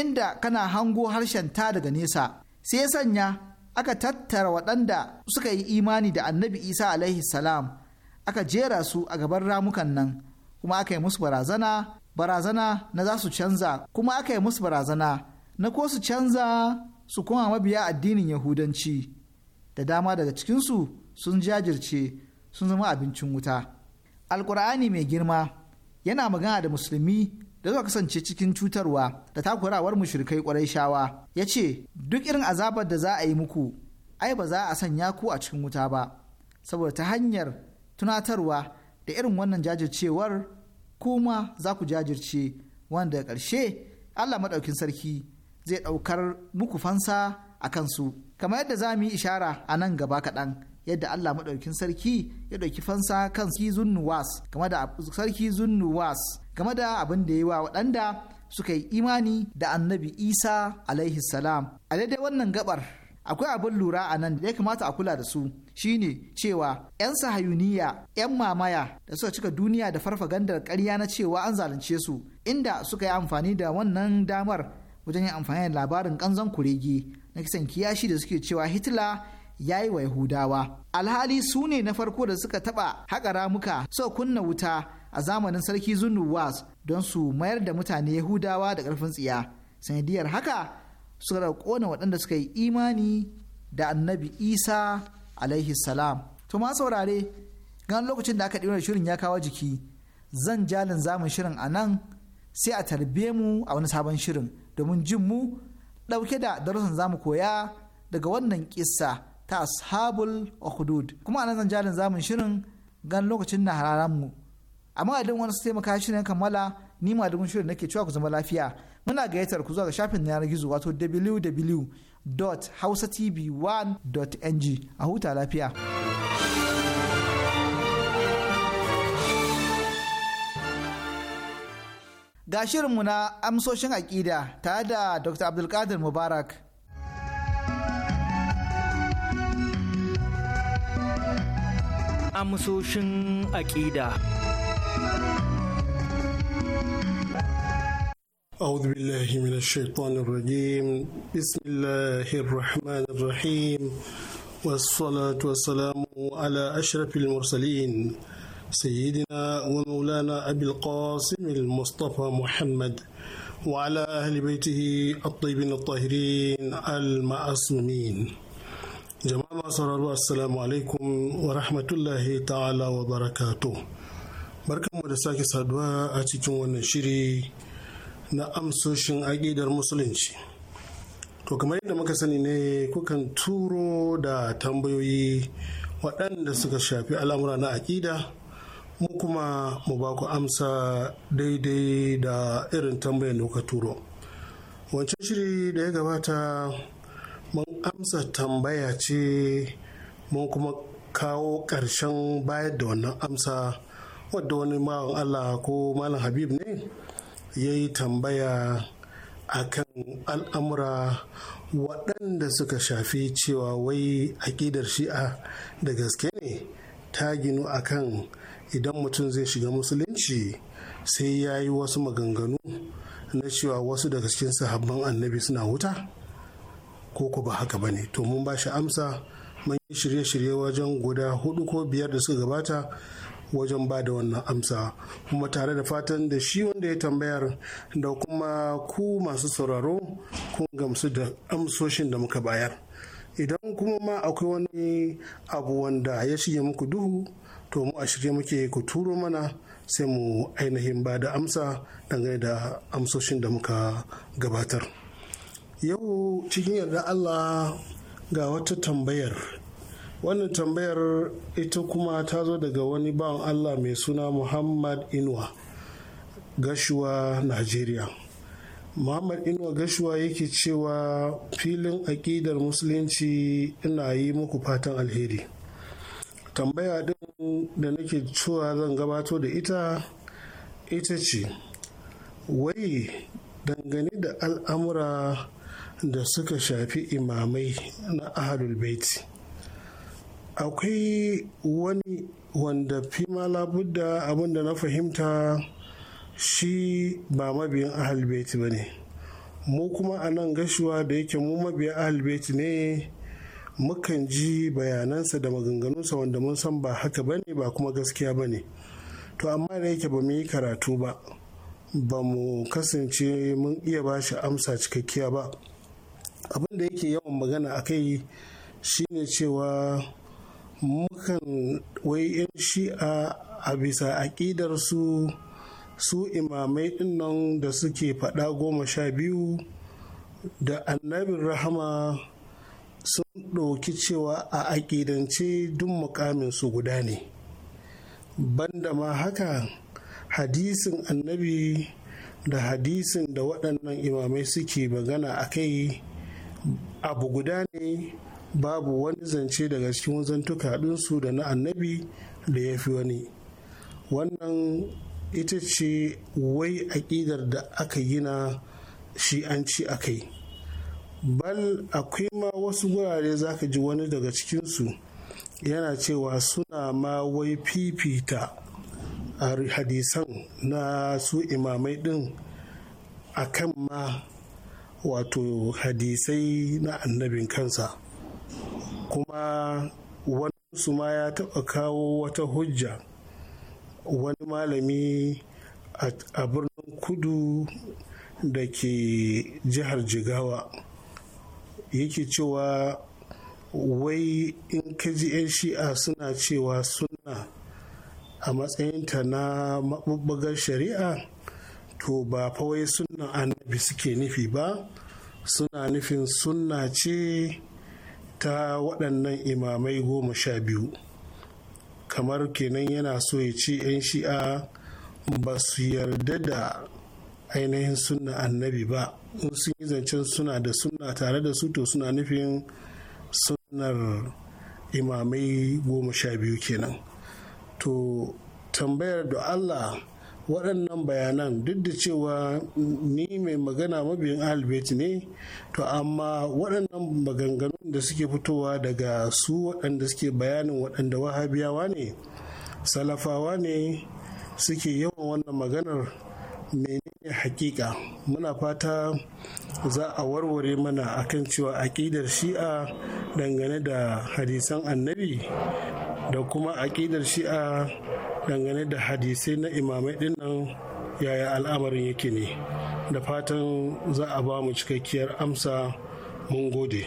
inda kana hango harshen ta daga nesa sai sanya aka tattara waɗanda suka yi imani da annabi isa alaihi salam aka jera su a gaban ramukan nan kuma aka yi musu barazana barazana na za su canza kuma aka yi musu barazana na ko su canza su koma mabiya addinin yahudanci da dama daga cikinsu sun jajirce sun zama abincin wuta alkur'ani mai girma yana magana da musulmi da zuwa kasance cikin cutarwa da takurawar mushrikai kwarai shawa ya ce duk irin azabar da za a yi muku ai ba za a sanya ku a cikin wuta ba saboda ta hanyar tunatarwa da irin wannan jajircewar kuma za ku jajirce wanda ƙarshe allah maɗaukin sarki zai ɗaukar muku fansa a kansu kamar yadda za mu yi ishara a nan gaba kaɗan yadda Allah maɗaukin sarki ya ɗauki fansa kan sarki zunnuwas game da sarki zunnuwas game da abin da ya wa waɗanda suka yi imani da annabi isa alaihi salam a daidai wannan gabar akwai abin lura a nan da ya kamata a kula da su shine cewa 'yan sahayuniya 'yan mamaya da suka cika duniya da farfagandar karya na cewa an zalunce su inda suka yi amfani da wannan damar wajen yin amfani da labarin kanzon kurege na kisan kiyashi da suke cewa hitler ya yi wa yahudawa alhali su ne na farko da suka taɓa haƙa ramuka suka kunna wuta a zamanin sarki zunuwas don su mayar da mutane yahudawa da ƙarfin tsiya sanadiyar haka suka da kona waɗanda suka yi imani da annabi isa alaihi salam to ma saurare gan lokacin da aka ɗirar shirin ya kawo jiki zan jalin zamun shirin a nan sai a tarbe mu a wani sabon shirin domin jin mu ɗauke da darussan zamu koya daga wannan kisa ta ashabul hudud kuma anan zan jalin zamun shirin gan lokacin na hararan mu amma idan wani su taimaka shi ne kammala ni ma dukkan shirin nake cewa ku zama lafiya muna gayyatar ku zuwa ga shafin na yanar gizo wato www.hausatv1.ng a huta lafiya. ga shirinmu na amsoshin aƙida tare da Dr. Abdulkadir Mubarak. Amsoshin aƙida. أعوذ بالله من الشيطان الرجيم بسم الله الرحمن الرحيم والصلاة والسلام على أشرف المرسلين سيدنا ومولانا أبي القاسم المصطفى محمد وعلى أهل بيته الطيبين الطاهرين المعصومين جماعة صلى السلام عليكم ورحمة الله تعالى وبركاته barkan mu da sake saduwa a cikin wannan shiri na amsoshin aƙidar musulunci to kamar yadda muka sani ne kukan turo da tambayoyi waɗanda suka shafi al'amura na aƙida mu kuma mu ba ku amsa daidai da irin tambayar da kuka turo wancan shiri da ya gabata mun amsa tambaya ce mun kuma kawo ƙarshen bayar da wannan amsa wadda wani mawan allah ko malam habib ne ya yi tambaya a kan al'amura waɗanda suka shafi cewa wai aƙidar shi'a da gaske ne ta ginu akan idan mutum zai shiga musulunci sai ya yi wasu maganganu na cewa wasu daga cikin sahabban annabi suna wuta ko ku ba haka ba ne to mun ba shi amsa mun yi shirye-shirye wajen guda hudu ko biyar da suka gabata wajen ba da wannan amsa kuma tare da fatan da shi wanda ya tambayar da kuma ku masu sauraro kun gamsu da amsoshin da muka bayar idan kuma ma akwai wani abu wanda ya shige muku duhu to mu a shirye muke ku turo mana sai mu ainihin ba da amsa dangane da amsoshin da muka gabatar yau cikin yarda allah ga wata tambayar wannan tambayar ita kuma ta zo daga wani bawan allah mai suna muhammad inuwa gashuwa nigeria muhammad inuwa gashuwa yake cewa filin aƙidar musulunci ina yi muku fatan alheri tambaya din da nake cewa zan gabato da ita ita ce wai dangane da al'amura da suka shafi imamai na ahalul baiti akwai wani wanda fima labudda da na fahimta shi ba mabiyan ahalul baiti ba ne mu kuma a nan gashuwa da yake mu mabiyan ahalul baiti ne mukan ji bayanansa da maganganunsa wanda mun san ba haka ba ne ba kuma gaskiya ba ne to amma da yake ba mu yi karatu ba ba mu kasance mun iya ba shi amsa cikakkiya ba abin da yake yawan magana a kai shine cewa mukan wai 'yan shi'a a bisa aƙidar su su imamai ɗinnan da suke faɗa goma sha biyu da annabin rahama sun ɗauki cewa a aƙidance duk mukamin su guda ne banda ma haka hadisin annabi da hadisin da waɗannan imamai suke magana a kai abu guda ne babu wani zance daga cikin zantuka ɗinsu da na annabi da ya fi wani wannan ita ce wai aƙidar da aka gina shi an ci a kai bal akwai ma wasu gurare za ka ji wani daga cikinsu yana cewa suna ma wai fifita a hadisan na su imamai din a kan ma wato hadisai na annabin kansa kuma wani su ma ya taɓa kawo wata hujja wani malami a birnin kudu da ke jihar jigawa yake cewa wai in kaji 'yan shi'a suna cewa suna a matsayinta na maɓuɓɓugar shari'a to ba fawai sunna annabi suke nufi ba suna nufin suna ce ta waɗannan imamai goma sha biyu kamar kenan yana so ya ce 'yan shi'a ba su yarda da ainihin sunna annabi ba in sun yi zancen suna da sunna tare da su to suna nufin sunnar imamai goma sha biyu kenan to tambayar da allah waɗannan bayanan duk da cewa ni mai magana mabiyin albert ne to amma waɗannan maganganun da suke fitowa daga su waɗanda suke bayanin waɗanda wahabiyawa ne salafawa ne suke yawan wannan maganar menene hakika muna fata za a warware mana akan cewa aƙidar shi'a dangane da hadisan annabi da kuma aƙidar shi'a dangane da hadisai na imamai dinnan yaya al'amarin yake ne da fatan za a ba mu cikakkiyar amsa mun gode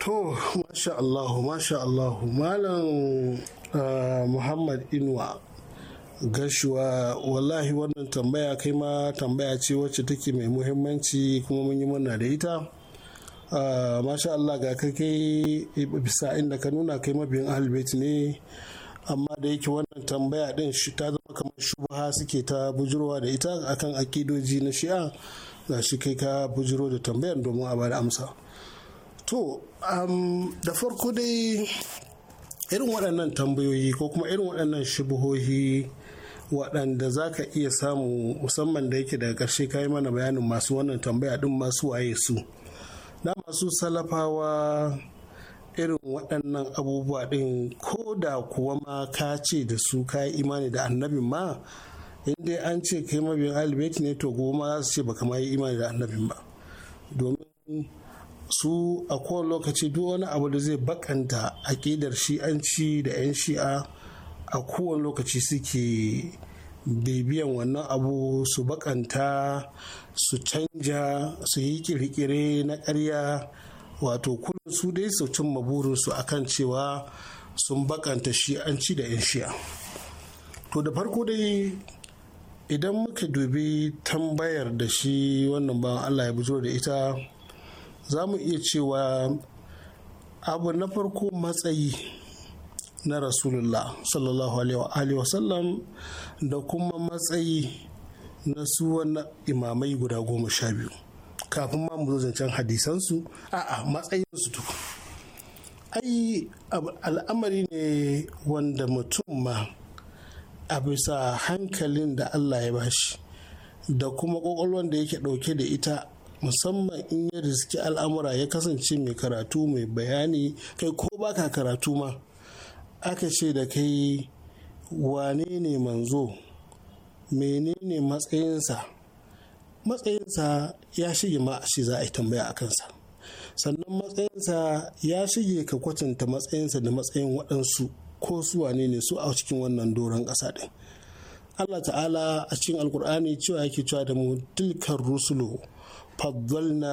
to masha allahu masha allahu malam ah, muhammad inuwa gashuwa wallahi wannan tambaya kai ma tambaya ce wacce take mai muhimmanci kuma mun yi murna da ita ah, masha Allah ga kai kai bisa inda ka nuna kai mabiyin albet ne amma da yake wannan tambaya din shi ta zama kamar shubha suke ta bujurwa da ita akan akidoji na shi'a ga shi kai ka bujiro da tambayar domin a bada amsa to da farko dai irin waɗannan tambayoyi ko kuma irin waɗannan shubuhohi waɗanda za ka iya samu musamman da yake daga ƙarshe kayi mana bayanin masu wannan tambaya ɗin masu waye su na masu salafawa irin waɗannan abubuwa ɗin ko da kuwa ma ka ce da su ka yi imani da annabin ma in dai an ce kai mabiyan alibeti ne to goma za su ce baka ma yi imani da annabin ba domin su a kowane lokaci duk wani abu da zai bakanta aƙidar shi'anci da 'yan shi'a a kowane lokaci suke bibiyan wannan abu su bakanta su canja su yi kirkire na karya wato kullum su dai su cimma burinsu kan cewa sun bakanta shi an ci da 'yan shi'a to da farko dai idan muka dubi tambayar da shi wannan bawan allah ya bujo da ita za mu iya cewa abu na farko matsayi na rasulullah sallallahu alaihi wasallam da kuma matsayi na su wani imamai guda goma sha biyu kafin ma mu zo zancen hadisansu a'a matsayinsu duk ai al'amari ne wanda mutum ma a bisa hankalin da allah ya bashi da kuma ƙwaƙwalwan da yake dauke da ita musamman in ya riski al'amura ya kasance mai karatu mai bayani kai ko baka karatu ma aka ce da kai wane ne manzo menene matsayinsa matsayinsa ya shige ma shi za a yi tambaya a kansa sannan matsayinsa ya shige ka kwatanta matsayinsa da matsayin waɗansu ko su wane ne su a cikin wannan doron ƙasa ɗin Allah ta'ala a cikin alkur'ani cewa yake cewa da mu tilkar rusulu faddalna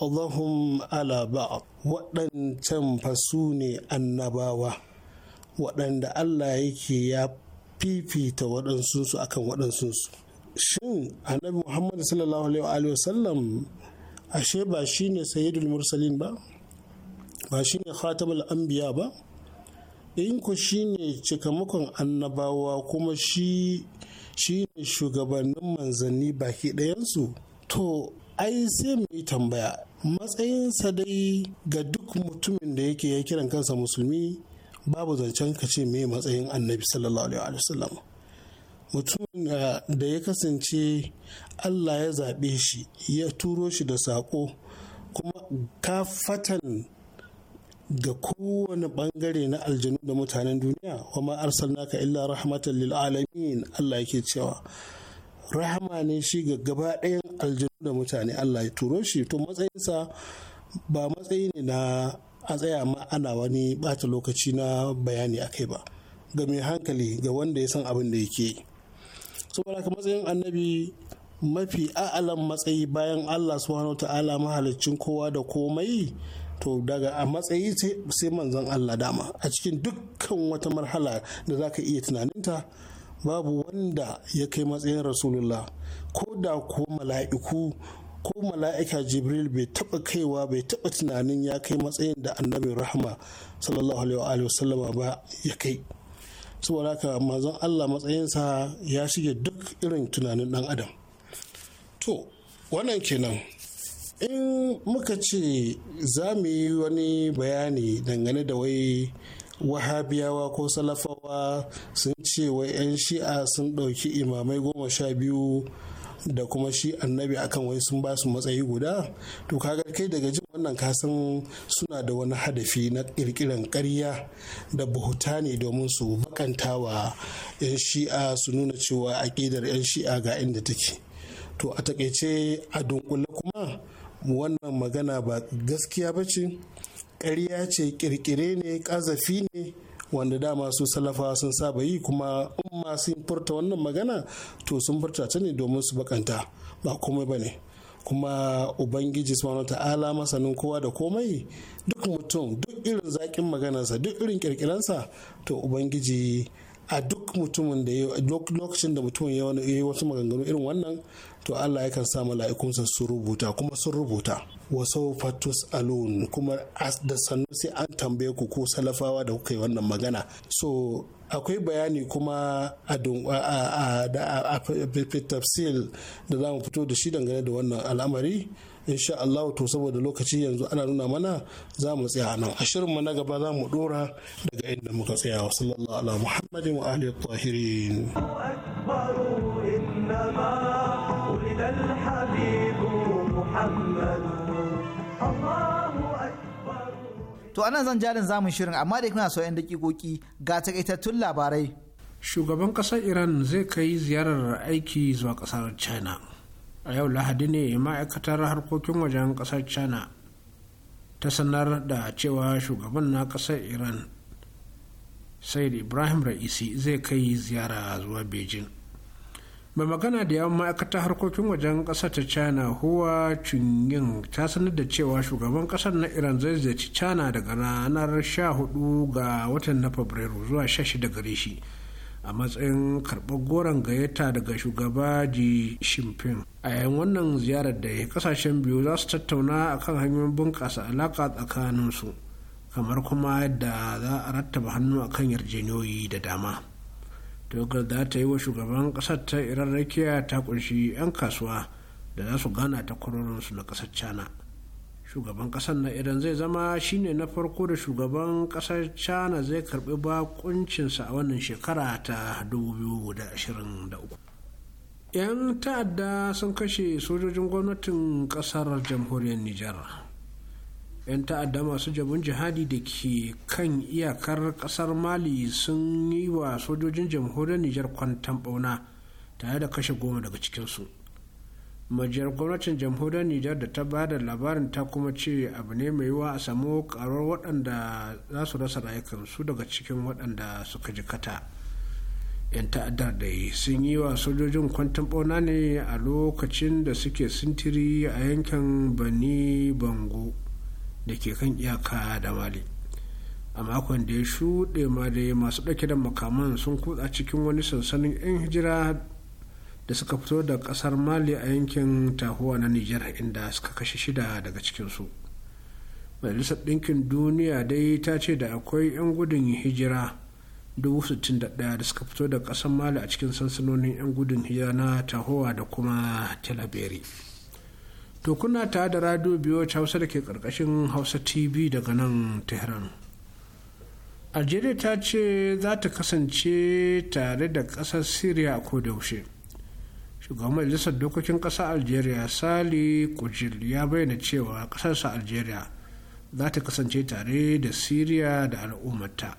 ba'dhum ala ba'd waɗancan fasu ne annabawa waɗanda Allah yake ya fifita waɗansu su akan su shin annabi muhammad sallallahu alaihi wa sallam ashe ba shine sayyidul mursalin ba ba shine khatamul anbiya ba in ku shine cikamakon annabawa kuma shi shine shugabannin manzanni baki ɗayansu to ai sai mu yi tambaya matsayinsa dai ga duk mutumin da yake ya kiran kansa musulmi babu zancen ka ce me matsayin annabi sallallahu alaihi wasallam mutumin eh, da ya kasance allah ya zaɓe shi ya turo shi da saƙo kuma ka fatan ga kowane ɓangare na aljanu da mutanen duniya kuma naka illa rahmatan lil alamin allah yake cewa rahama ne shi ga gaba ɗayan aljanu da mutane allah ya turo shi to matsayinsa ba matsayi ne na a tsaya ma ana wani bata lokaci na bayani a kai ba ga mai hankali ga wanda ya san abin da yake yi saboda ka matsayin annabi mafi a'alan matsayi bayan allah subhanahu ta'ala mahalicin kowa da komai to daga a matsayi sai manzon allah dama a cikin dukkan wata marhala da za ka iya tunaninta babu wanda ya kai matsayin rasulullah ko da ko mala'iku ko mala'ika jibril bai taba kaiwa bai taba tunanin ya kai matsayin da annabi Rahma sallallahu alaihi wasallama ba ya kai saboda haka manzon allah matsayinsa ya shige duk irin tunanin dan adam to wannan kenan in muka ce za mu yi wani bayani dangane da wai wahabiyawa ko salafawa sun ce wai 'yan shi'a sun ɗauki imamai goma sha biyu da kuma shi annabi akan wai sun ba su matsayi guda to kaga kai daga jin wannan kasan suna da wani hadafi na kirkiran ƙarya da buhuta ne domin su wa 'yan shi'a su nuna cewa aƙidar 'yan shi'a ga inda take to a takaice a dunkule kuma wannan magana ba gaskiya bace ce ƙarya ce kirkire ne ƙazafi ne wanda dama su salafawa sun saba yi kuma umma sun furta wannan magana to sun furta ta ne domin su bakanta ba komai ba ne kuma ubangiji subhanahu ta'ala masanin kowa da komai duk mutum duk irin zaƙin maganarsa duk irin kirkiransa to ubangiji a duk mutumin da ya lokacin da mutumin ya yi wasu maganganu irin wannan to Allah yakan sa mala'ikunsa su rubuta kuma sun rubuta wasu fatus alun kuma da sannu sai an tambaye ku ko salafawa da kuka yi wannan magana so akwai bayani kuma a tafsil da za mu fito da shi dangane da wannan al'amari insha Allah to saboda lokaci yanzu ana nuna mana za mu tsaya nan ashirin mu na gaba za mu dora daga inda muka tsaya wa sallallahu ala muhammadin wa ahli tahirin To anan zan jarin zamun shirin amma da kuna so da dakikoki ga takaitattun labarai. Shugaban ƙasar Iran zai kai ziyarar aiki zuwa ƙasar China. a yau lahadi ne ma'aikatar harkokin wajen kasar china ta sanar da cewa shugaban na kasar iran said ibrahim ra'isi zai kai ziyara zuwa beijing mai magana da yawan ma'aikatar harkokin wajen kasar ta china huwa chunyin ta sanar da cewa shugaban kasar na iran zai ziyarci china daga ranar 14 ga watan na fabrairu zuwa 16 gare shi a matsayin karɓar goron gayyata daga shugaba ji shimfin a yayin wannan ziyarar da ya kasashen biyu za su tattauna a kan hanyoyin bunƙasa alaƙa tsakaninsu kamar kuma yadda za a rattaba hannu a kan yarjejeniyoyi da dama dogar za ta yi wa shugaban ƙasar ta iran rakiya ta ƙunshi 'yan kasuwa da za su gana ta kwarorinsu na ƙasar china shugaban kasar na idan zai zama shine na farko da shugaban kasar china zai karbi bakuncinsa a wannan shekara ta 2023 'yan ta'adda sun kashe sojojin gwamnatin kasar jamhuriyar nijar 'yan ta'adda masu jabin jihadi da ke kan iyakar kasar mali sun yi wa sojojin jamhuriyar nijar kwantan bauna tare da kashe goma daga cikinsu majiyar gwamnatin jamhuriyar nijar da ta bada labarin ta kuma ce abu ne mai yiwuwa a samu karuwar waɗanda za su rasa rayukansu daga cikin waɗanda suka jikata yan ta'addar da yi sun yi wa sojojin kwantan ɓauna ne a lokacin da suke sintiri a yankin bani bango da ke kan iyaka da mali a makon da ya shuɗe ma dai masu ɗauke da makaman sun kutsa cikin wani sansanin 'yan hijira da suka fito da kasar mali a yankin tahuwa na niger inda suka kashe shida daga cikinsu majalisar ɗinkin duniya dai ta ce da akwai 'yan gudun hijira 61 da suka fito da ƙasar mali a cikin sansanonin 'yan gudun hijira na tahowa da kuma talaberi to kuna ta da radio biyu hausa da ke ƙarƙashin hausa tv daga nan tehran algeria ta ce za ta kasance tare da ƙasar syria a yaushe shugaban majalisar dokokin ƙasar algeria sali kujil ya bayyana cewa ƙasarsa algeria za ta kasance tare da syria da al'ummata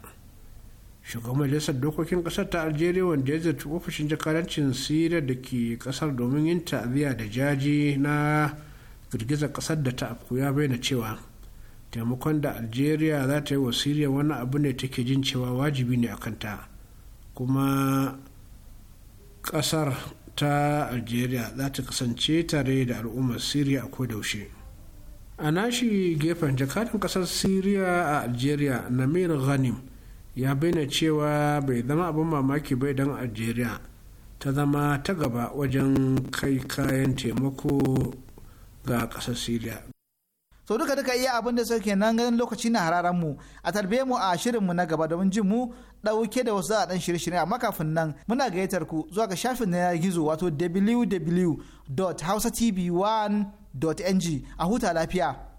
shugaban majalisar dokokin ƙasar ta algeria wanda ya zarci ofishin jakadancin syria da ke ƙasar domin yin ta'aziyya da jaji na girgizar ƙasar da ta afku ya bayyana cewa taimakon da algeria za ta yi wa syria wani abu ne take jin cewa wajibi ne a kanta kuma ƙasar ta algeria za ta kasance tare da al'ummar syria a kodaushe a nashi gefen jakadan kasar syria a algeria namir ghanim ya bayyana cewa bai zama abin mamaki bai don algeria ta zama ta gaba wajen kai kayan taimako ga kasar syria sau duka duka iya abin da suke nan ganin lokaci na hararan mu a tarbe mu a shirin mu na gaba domin jin mu dauke da wasu zaɗan shirye-shirye amma kafin nan muna gayyatar ku zuwa ga shafin na gizo wato www.hausatv1.ng a huta lafiya.